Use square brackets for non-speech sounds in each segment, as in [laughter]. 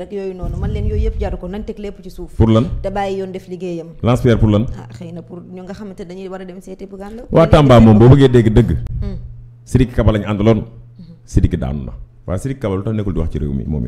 rek yooyu noonu man leen yooyu yëpp jaru ko nañ teg lépp ci suuf. pour lan te bàyyi yoon def liggéeyam. lance pour lan. Ah, xëy na pour ñu nga xamante dañuy war a dem seeti bu gàllankoor. waa Tamba moom boo bëggee dégg dëgg. Hmm. Sidiki Kaba lañ àndaloon. Hmm. Sidiki daanu na waaye Sidiki Kaba lu tax nekkul di wax ci réew mi moom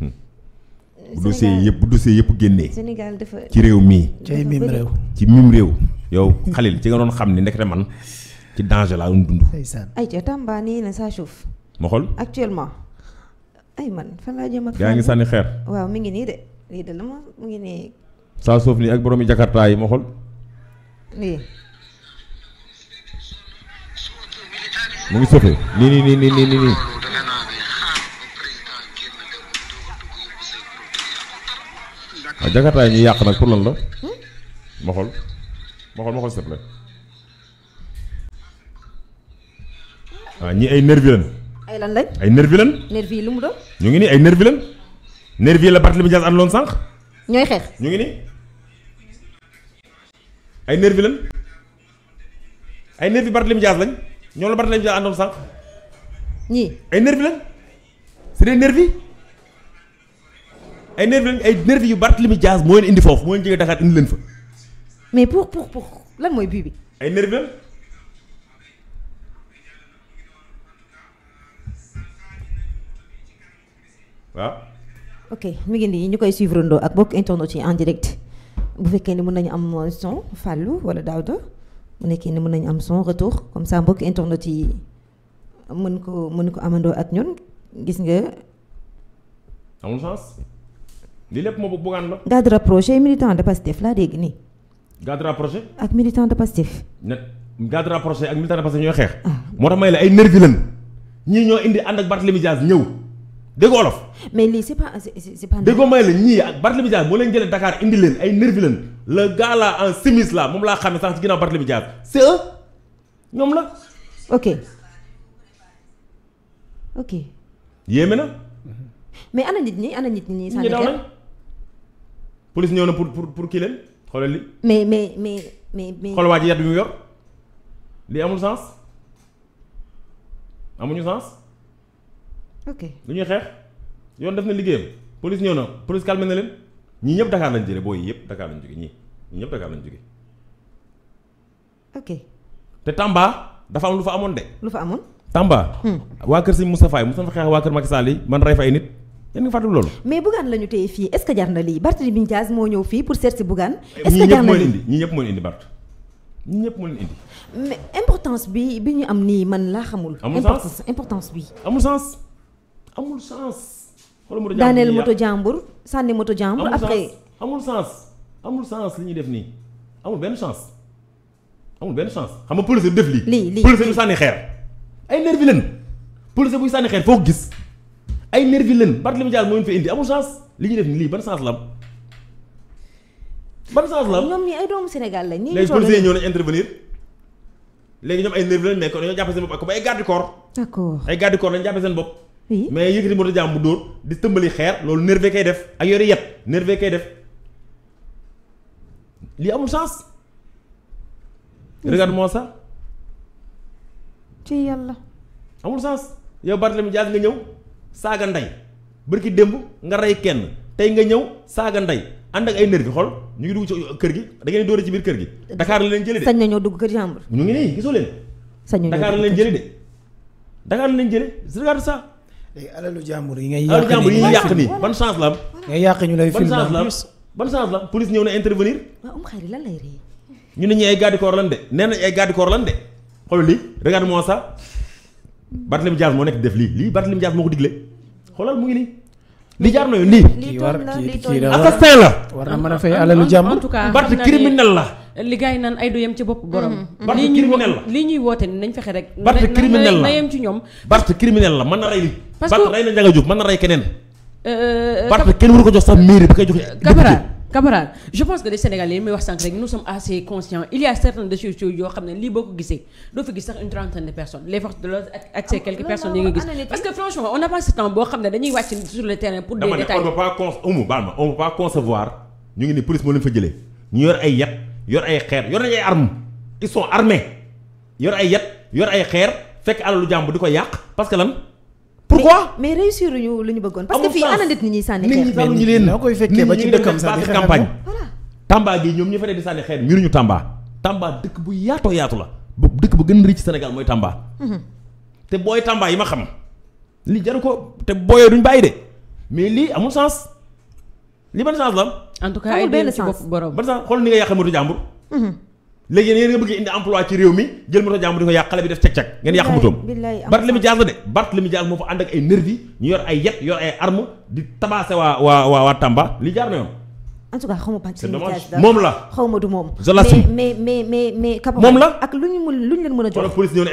hmm. yëpp bu yëpp génnee. Sénégal dafa ci réew mii. ci mim réew ci mim réew. yow Khalil ci nga doon xam ne ndekete man ci danger laa doon dund. ay ca Tamba nii na saa suuf. ma actuellement. ay man fan laa jëm ak. yaa ngi sànni xeer. waaw mi ngi nii de lii de la ma mu ngi nii. saa suuf nii ak boroomi jakarta yi ma mu ngi sëfee nii nii nii nii nii nii yi yàq nag pour lan la. Hmm? ma xool ma xool ñii ay nervi ay lan lañ ay nervi lan. nervi yi lu mu doon. ñu ngi nii ay nervi lan. nervi yi la Barthélémy Dias àndoon sànq. ñooy xeex ñu ngi nii ay nervi lan ay nervi Barthélémy Dias lañ ñoo la Barthélémy Dias àndoon sànq. ñii ay nervi lan c'est des nervi ay nervi lañ ay nervi yu Barthélémy Dias moo leen indi foofu moo leen jógee Dakar indi leen fa. mais pour pour pour lan mooy bii bi. ay nervi waaw. ok mi ngi nii ñu koy suivre ndoo ak bokk internet yi en direct bu fekkee ni mën nañu am son Fallou wala Daouda mu nekkee ni mën nañu am son retour comme ça mbokk internet yi mën ko mën ko amandoo ak ñun gis nga. amul sens lii lépp moo bëgg bugaan la. garde rapproché militant de Pastef laa dégg nii. garde rapproché. ak militant de Pastef. ne garde rapproché ak militant de xeex. Ah. moo tax may la ay nervi lan ñii ñoo indi ànd ak Barthélémy ñëw. dégg olof. mais lii c'est pas c'est pas. déggoo may la ñii ak Barthélemy Dias moo leen jëlee Dakar indi leen ay nervi la le en chemise moom laa xam ne sax ci ginnaaw Barthélemy Dias c'est eux ñoom la. ok ok. yéeme na. mais ana nit ñi ana nit ñi. sànni kenn police ñoo na pour pour pour kii leen xoolal li. mais mais mais mais mais. xool waa ji yat bi mu yor lii amul sens amuñu sens. ok lu ñuy xeex yoon def na liggéeyam police ñëw na police calmé na leen ñii ñëpp Dakar lañ jëlee booy yi yëpp Dakar lañ jóge ñii ñii ñëpp Dakar lañ jóge ok te Tamba dafa am lu fa amoon de. lu fa amoon. Tamba. Hmm. waa kër si Moustapha yi mu fa xeex waa kër Macky Sall man rey fa ay nit. yéen nga fàttali loolu. mais Bougane la ñu téye fii est-ce que jar na lii moo ñëw fii pour seet si Bougane. est-ce lii ñii ñëpp moo indi ñii ñëpp moo ñii ñëpp moo bi ñu am nii man laa xamul. amul sens bi. amul sens. xoolal moto jàmbur daaneel moto jàmbur sànni moto jàmbur. après amul sens amul sens li ñuy def nii amul benn chance amul benn chance xam nga police def lii. lii lii police du sànni xeer. ay nervi leen police buy sànni xeer foo gis ay nervi leen Barthélémy Dias moo leen fi indi amul chance li ñu def nii lii ban chance la am. ban sens la ñoom ñii ay doomu Sénégal lañ. ñii ñu toog léegi policiers yi ñëw nañ intervenir léegi ñoom ay nervi lañ mais kon dañoo jàpp seen bopp comme ay garde corps. ay garde corps lañ jàpp seen bopp. mais yëkkati moto jaam bu dóor di tëmbali xeer loolu nerve kay def ak yore yet nerve kay def lii amul sens. regarde-moi ça. ci yàlla. amul sens yow Barthélemy Dias nga ñëw saaga ndey bërki démb nga rey kenn tey nga ñëw saaga ndey ànd ak ay nervi xol ñu ngi dugg ci kër gi da ngeen dóore ci biir kër gi. Dakar la leen jëlee de sañ nañoo dugg kër jàmbur. ñu ngi nii gisoo leen. sañ nañoo dugg la leen jëlee de Dakar la leen jëlee regarde ça. léegi alalu jàmbur yi ngay yàq alalu jàmbur yi yàq nii ban chance la am. ngay yàq ñu lay filmé ban chance ban chance la am police ñëw na intervenir. ñu ne ñu ay garde corps lan de nee nañ ay garde corps lan de xool lii regarde moi ça Barthélémy Dias moo nekk def lii lii Barthélémy Dias moo ko digle xoolal mu ngi nii. li jaar na yoon nii. lii toog la lii toog la assassin la. war na a fay la. li gars yi naan ay du yem ci bopp borom. Mm-hmm. Barth criminel la lii ñuy woote ni nañ fexe rek. Barth criminel la na na rey li. parce que Barth rey na Ndiaga Diop mën na rey keneen. Euh, euh, Barth kenn waru ko jox sax mairie bi koy joxe. Euh, Camara je pense que les Sénégalais yi may wax sànq rek nous sommes assez conscients il y a certaines de choses yoo xam ne lii boo ko gisee doo fi gis sax une trentaine de personnes les forces de l'ordre ak ces quelques ah, personnes yi nga gis parce que franchement yor ay xeer yor nañ ay armes ils sont armés yor ay yat yor ay xeer fekk alalu jàmb di ko yàq parce que lan. pourquoi mais réussir ñu lu ñu bëggoon. parce que fii ana nit ñi sànni xeer. nit ñi leen noo koy fekkee ba ci dëkkam sax di campagne. Tamba gi ñoom ñu fa dee di sànni xeer ñu Tamba. Tamba dëkk bu yaatoo yaatu la. bu dëkk bu gën a rëcc ci Sénégal mooy Tamba. Mhm. te booy Tamba yi ma xam. li jaru ko te booyee duñ bàyyi de mais lii amul sens li ban chance la am. en tout cas benn chance borom ban nga yàq moto jàmbur. Mhm. léegi yéen nga bëgg indi emploi ci réew mi jël moto jàmbur di ko yàq xale bi def cag-cag ngeen yàq motoom Bart li mu jaar la de Bart li mu jaar moo fa ànd ak ay ñu yor ay yet yor ay arme di tabaase waa waa waa waa Tamba li jaar na yoon en tout cas xaw ma moom la xaw ma du moom mais mais mais mais moom la ak lu ñu mën lu ñu leen mën a jox wala police ñëw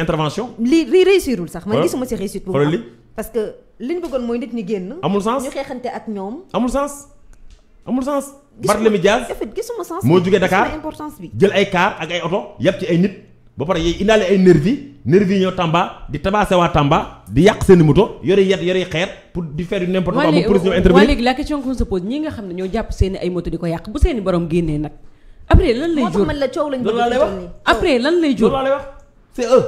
na que li ñu bëggoon mooy nit ñi génn amul sens ñu xeexante ak ñoom amul sens amul sens. Barthélemy Dias gisuma sens moo jógee Dakar importance jël ay car ak ay oto yàpp ci ay nit ba pare yooyu indaale ay nervi nervi yi ñëw Tamba di tabaase waa Tamba di yàq seeni i moto yore yet yore xeer pour di faire du n'importe quoi. pour ñu intervenir waaye léegi la question qu'on nga xam ne ñoo jàpp seen ay moto di ko yàq bu seen i borom génnee nag. après lan lay jur moo tax la coow lañ bëgg a wax après lan lay jur loolu wax c'est eux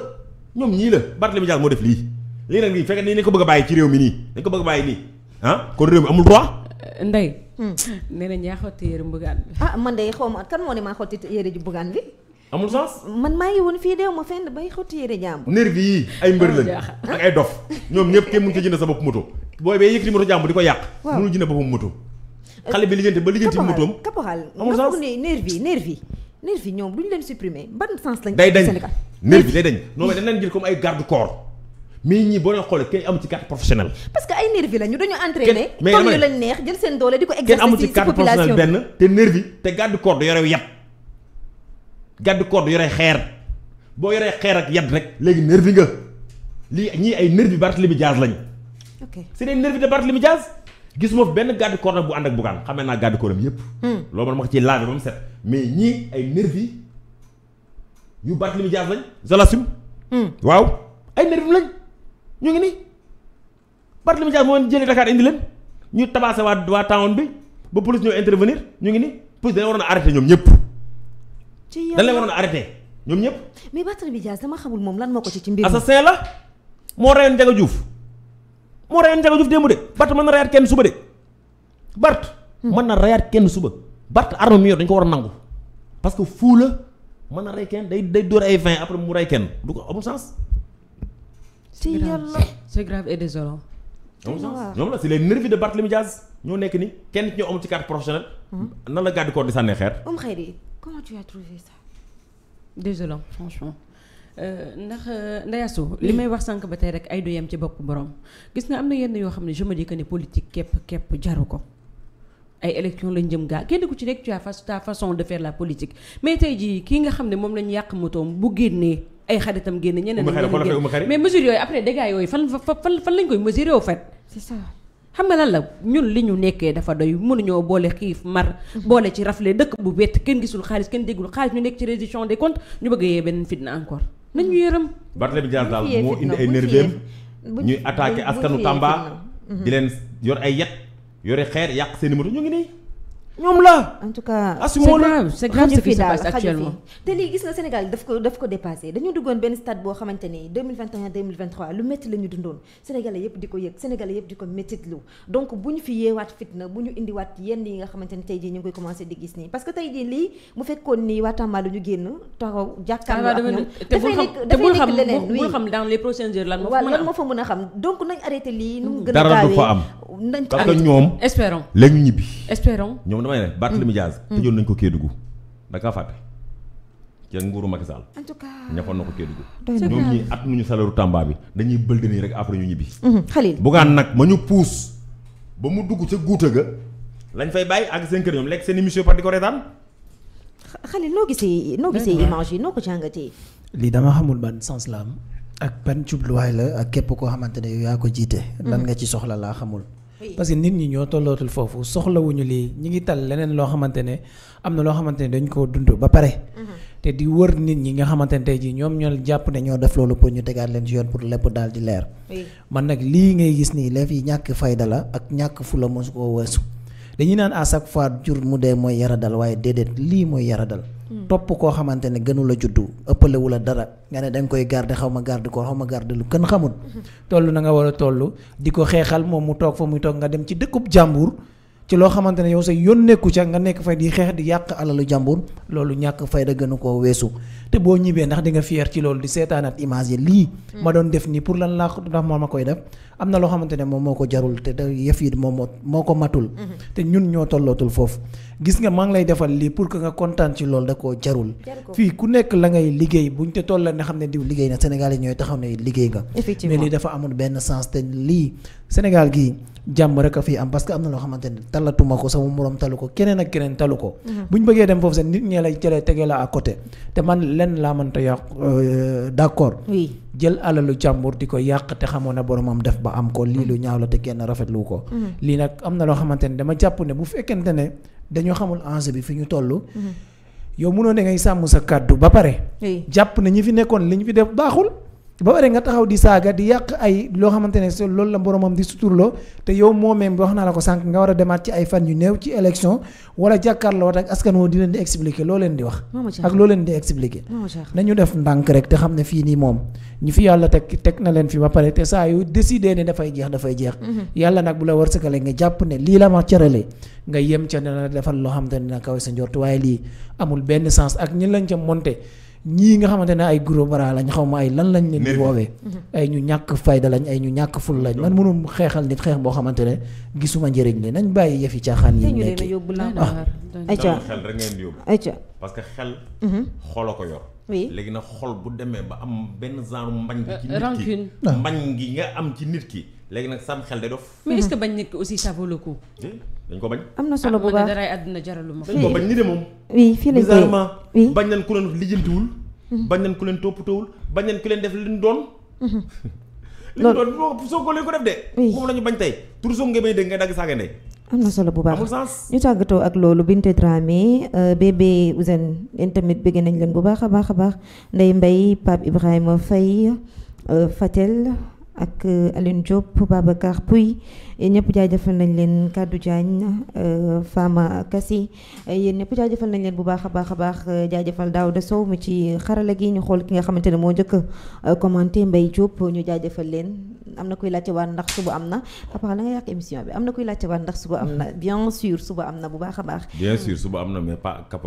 ñoom ñii la Barthélemy Dias moo def lii lii nag lii fekk ni dañ ko bëgg a bàyyi ci réew mi nii dañ ko bëgg a bàyyi nii ah kon réew mi amul droit Hmm. nee yaa xotti yére mbugaan bi. ah man de ma kan moo maa xotti yére ji mbugaan bi. amul sens. man maa ngi woon fii deew ma fenn bay xotti yére jàmbur. nervi yi ay mbër lañ ak ay dof ñoom ñëpp kenn mënu ci jënd sa bopp moto. booy bee yëkkati moto jàmbur di ko yàq. waaw mënul jënd boppam moto. Euh, xale bi lijjanti ba lijjanti motoom. caporal caporal ne nervi nervi nervi ñoom duñ leen supprimer ban sens lañ. day dañ nervi day dañ. non mais dañ leen jël comme ay garde corps mais ñii boo leen xoolee kay amu ci carte professionnelle. parce que ay nervi lañu dañu entraîné. mais comme ñu lañ neex jël seen doole di ko exercer. ci ci population bi kenn amu ci carte professionnelle benn te nervi te garde corps yore yat garde corps yore xeer boo yoree xeer ak yat rek léegi nervi nga lii ñii ay nervi Barthélémy Dias lañu. ok c'est des nervi de Barthélémy Dias gisuma fi benn garde corps nag bu ànd ak Bougane xamee naa garde corps am yëpp. Hmm. loolu man ma ko ciy laaj ba mu set mais ñii ay nervi yu Barthélémy Dias lañ je l'assume. Hmm. waaw ay nervi lañ. ñu ngi nii Barthélémy Dias moo jëlee Dakar indi leen ñu tabaase waa waa town bi ba police ñoo intervenir ñu ngi nii police dañu waroon a arrêté ñoom ñëpp. ci dañ leen waroon a ñoom ñëpp. mais Barthélémy Dias dama xamul moom lan moo ko ci ci mbir assassin la moo reyoon Ndiaga Diouf moo reyoon Ndiaga Diouf démb de Bart mën na reyaat kenn suba de Bart. Hmm. mën na reyaat kenn suba Bart arme mi yor dañu ko war a nangu parce que fuu la mën na rey kenn day day dóor ay vingt après mu rey kenn du ko amul sens. si yàlla c'est grave et des ñoom la c'est les nervis de Barthélemy Diaz ñoo nekk ni kenn ci ñoo amul ci carte hmm. nan la gàddu koor di sànnee xeer. Oum Khayri comment tu as trouvé ça. désolant euh, ndax euh, ndayasu li may wax sànq ba tey rek ay du yem ci bopp borom gis nga am na yenn yoo xam ne je me dis que képp képp jaru ko. ay élection lañ gaa kenn ku ci nekk tu as façon de faire la mais tey jii ki nga xam ne moom lañ yàq motoom bu génnee. ay xaritam génn ñeneen mais mesure yooyu après dégâts yooyu fan fan fan lañ koy mesurer au fait xam nga lan la ñun li ñu nekkee dafa doy mënuñoo boole xiif mar mhm. boole ci rafle dëkk bu bett kenn gisul xaalis kenn déggul xaalis ñu nekk ci reddition des comptes ñu bëgg yee benn fitna encore nañu mhm. yërëm Barthélémy Dias daal moo indi ay nerveem ñuy attaqué askanu Tamba mhm. di leen yor ay yet yore xeer yàq seen i moto ñu ngi nii ñoom la. en tout cas ah, c'est grave c'est grave ce qui se passe actuellement te lii gis nga Sénégal daf ko daf ko dépassé dañu duggoon benn stade boo xamante ni 2021 2023 lu métti la ñu dundoon Sénégalais yëpp di ko yëg Sénégalais yëpp di ko méttitlu donc bu ñu fi yeewaat fitna bu ñu indiwaat yenn yi nga xamante ni tey jii ñu ngi koy commencé di gis nii parce que tey jii lii bu fekkoon ni waa Tamba du ñu génn taxaw jàkkaarloo ah, ak ñoom dafay nekk dafay nekk leneen oui te bul xam dans a am lii nu mu gën a gaawee nañ ko parce que ñoom. espérons léegi ñu ñibbi. espérons ñoom damay ne Barthélemy Diaz. Mm. tëjoon nañ ko mm. Kédougou da kaa fàtte. ci nguuru Macky Sall. en na ko Kédougou. ñoom ñii at mu ñu salaire Tamba bi dañuy bëlde nii rek après ñu ñibbi. Khalil mm-hmm. Bougane nag ma ñu puus ba mu dugg ca guuta ga lañ fay bàyyi ak seen kër ñoom lekk seen émission par ko reetaan. Khalil noo gisee noo gisee image noo ko jàngatee. lii dama xamul ban sens la am. ak ban jubluwaay la ak képp koo xamante ne yow ko jiite. lan nga ci soxla laa xamul. parce que nit ñi ñoo tollootul foofu soxlawuñu lii ñi ngi tal leneen loo xamante ne am na loo xamante ne dañ koo dund ba pare. Mhm. te di wër nit ñi nga xamante ne tey jii ñoom ñoo jàpp ne ñoo def loolu pour ñu tegaat leen ci yoon pour lépp daal di leer. man nag lii ngay gis nii léef yi ñàkk fayda la ak ñàkk fu mosu koo weesu. dañuy naan à chaque fois jur mu dee mooy yaradal waaye déedéet lii mooy yara hmm. topp koo xamante ne gënu la juddu ëppalewu la dara nga ne da koy garde xaw ma garder koo xaw ma garder lu kenn xamul hmm. tollu na nga war a toll di ko xeexal moom mu toog fa muy toog nga dem ci dëkkub jàmbur ci loo xamante ne yow sa yoon nekku ca nga nekk fay di xeex di yàq alalu jàmbur loolu ñàkk fayda gënu koo weesu te boo ñibbee ndax di nga fier ci loolu di seetaanaat image yi lii mm. ma doon def nii pour lan laa ndax moo ma koy def am na loo xamante ne moom moo ko jarul te yëf yi moom moo ko matul mm-hmm. te ñun ñoo tollootul foofu gis nga maa ngi lay defal lii pour que nga kontaan ci loolu da koo jarul fii ku nekk la ngay liggéey buñ te toll la ne xam ne diw liggéey na Sénégal yi ñooy taxaw ne liggéey nga mais lii amul benn sens te lii Sénégal gii jàmm rek a fi am parce que am na loo xamante ne talatuma ko sama moroom talu ko keneen ak keneen talu ko. Mhm. bu ñu bëggee dem foofu sax nit ñee lay jëlee tege la à côté te man lenn laa mënta yàq euh, d'accord. jël alalu jàmbur di ko yàq te xamoon na boromam def ba am ko lii lu mhm. ñaaw la te kenn rafetlu ko. Mhm. lii nag am na loo xamante ne dama jàpp ne bu fekkente ne dañoo xamul enjeu bi fi ñu toll. yow mënoo ne sàmm sa kàddu ba pare. jàpp ne ñi fi nekkoon li ñu ba pare nga taxaw di saaga di yàq ay loo xamante ne loolu la boromam di suturloo te yow moo même wax naa la ko sànq nga war a demaat ci ay fan yu néew ci élection wala jàkkaarloo ak askan woo di leen di expliquer loo leen di wax. ak loo leen di expliquer. nañu def ndànk rek te xam ne fii nii moom ñu fi yàlla teg teg na leen fi ba pare te saa yu décidé ne dafay jeex dafay jeex. Mm-hmm. yàlla nag bu la wërsëgalee nga jàpp ne lii la ma cëralee nga ñii nga xamante ne ay gros bras lañ xaw ma ay lan lañ leen di woowee mhm. ay ñu ñàkk fayda lañ ay ñu ñàkk ful lañ man mënum xeexal nit xeex boo xamante ne gisuma njëriñ li nañ bàyyi yëfi caaxaan yi nekk ayca ah. xel rek ngeen yóbbu ayca parce que xel mhm. xol a ko yor léegi nag xol bu demee ba am benn genre mbañ gi ci nit ki mbañ gi nga am ci nit ki léegi nag sam xel day dof. mais est-ce que bañ nekk aussi ça vaut le eh, dañ ko bañ. am na solo bu baax ah daray àdduna ma. dañ ko bañ ni de moom. oui fii lañ koy oui bañ nañ ku leen lijjantiwul. Mhm. bañ leen toppatoowul leen def li ñu doon. Mhm. [laughs] li ñu doon Sonko lañ bañ tey tur Sonko ngay bay dégg ngay dagg saaga ndey. am na solo bu baax ñu tàggatoo ak loolu Binta Dramé euh, bébé Ousène yéen tamit bëgg nañ leen bu baax a baax a baax Ndeye Mbaye Pape Ibrahima Faye euh, Fatel. ak euh, Aline Diop Babacar Pouy ñëpp jaajëfal nañ leen Kaddu Diagne euh, Fama Kassi yéen ñëpp jëfal nañ leen bu baax a baax a baax euh, jaajëfal de Sow mi ci xarala gi ñu xool ki nga xamante ne moo njëkk commenté Mbaye Diop ñu jaajëfal leen am na kuy laajte waat ndax suba am na papa la nga yàq émission bi am na koy laajte waat ndax suba am na bien sûr suba am na bu baax a baax. bien sûr suba am na mais pas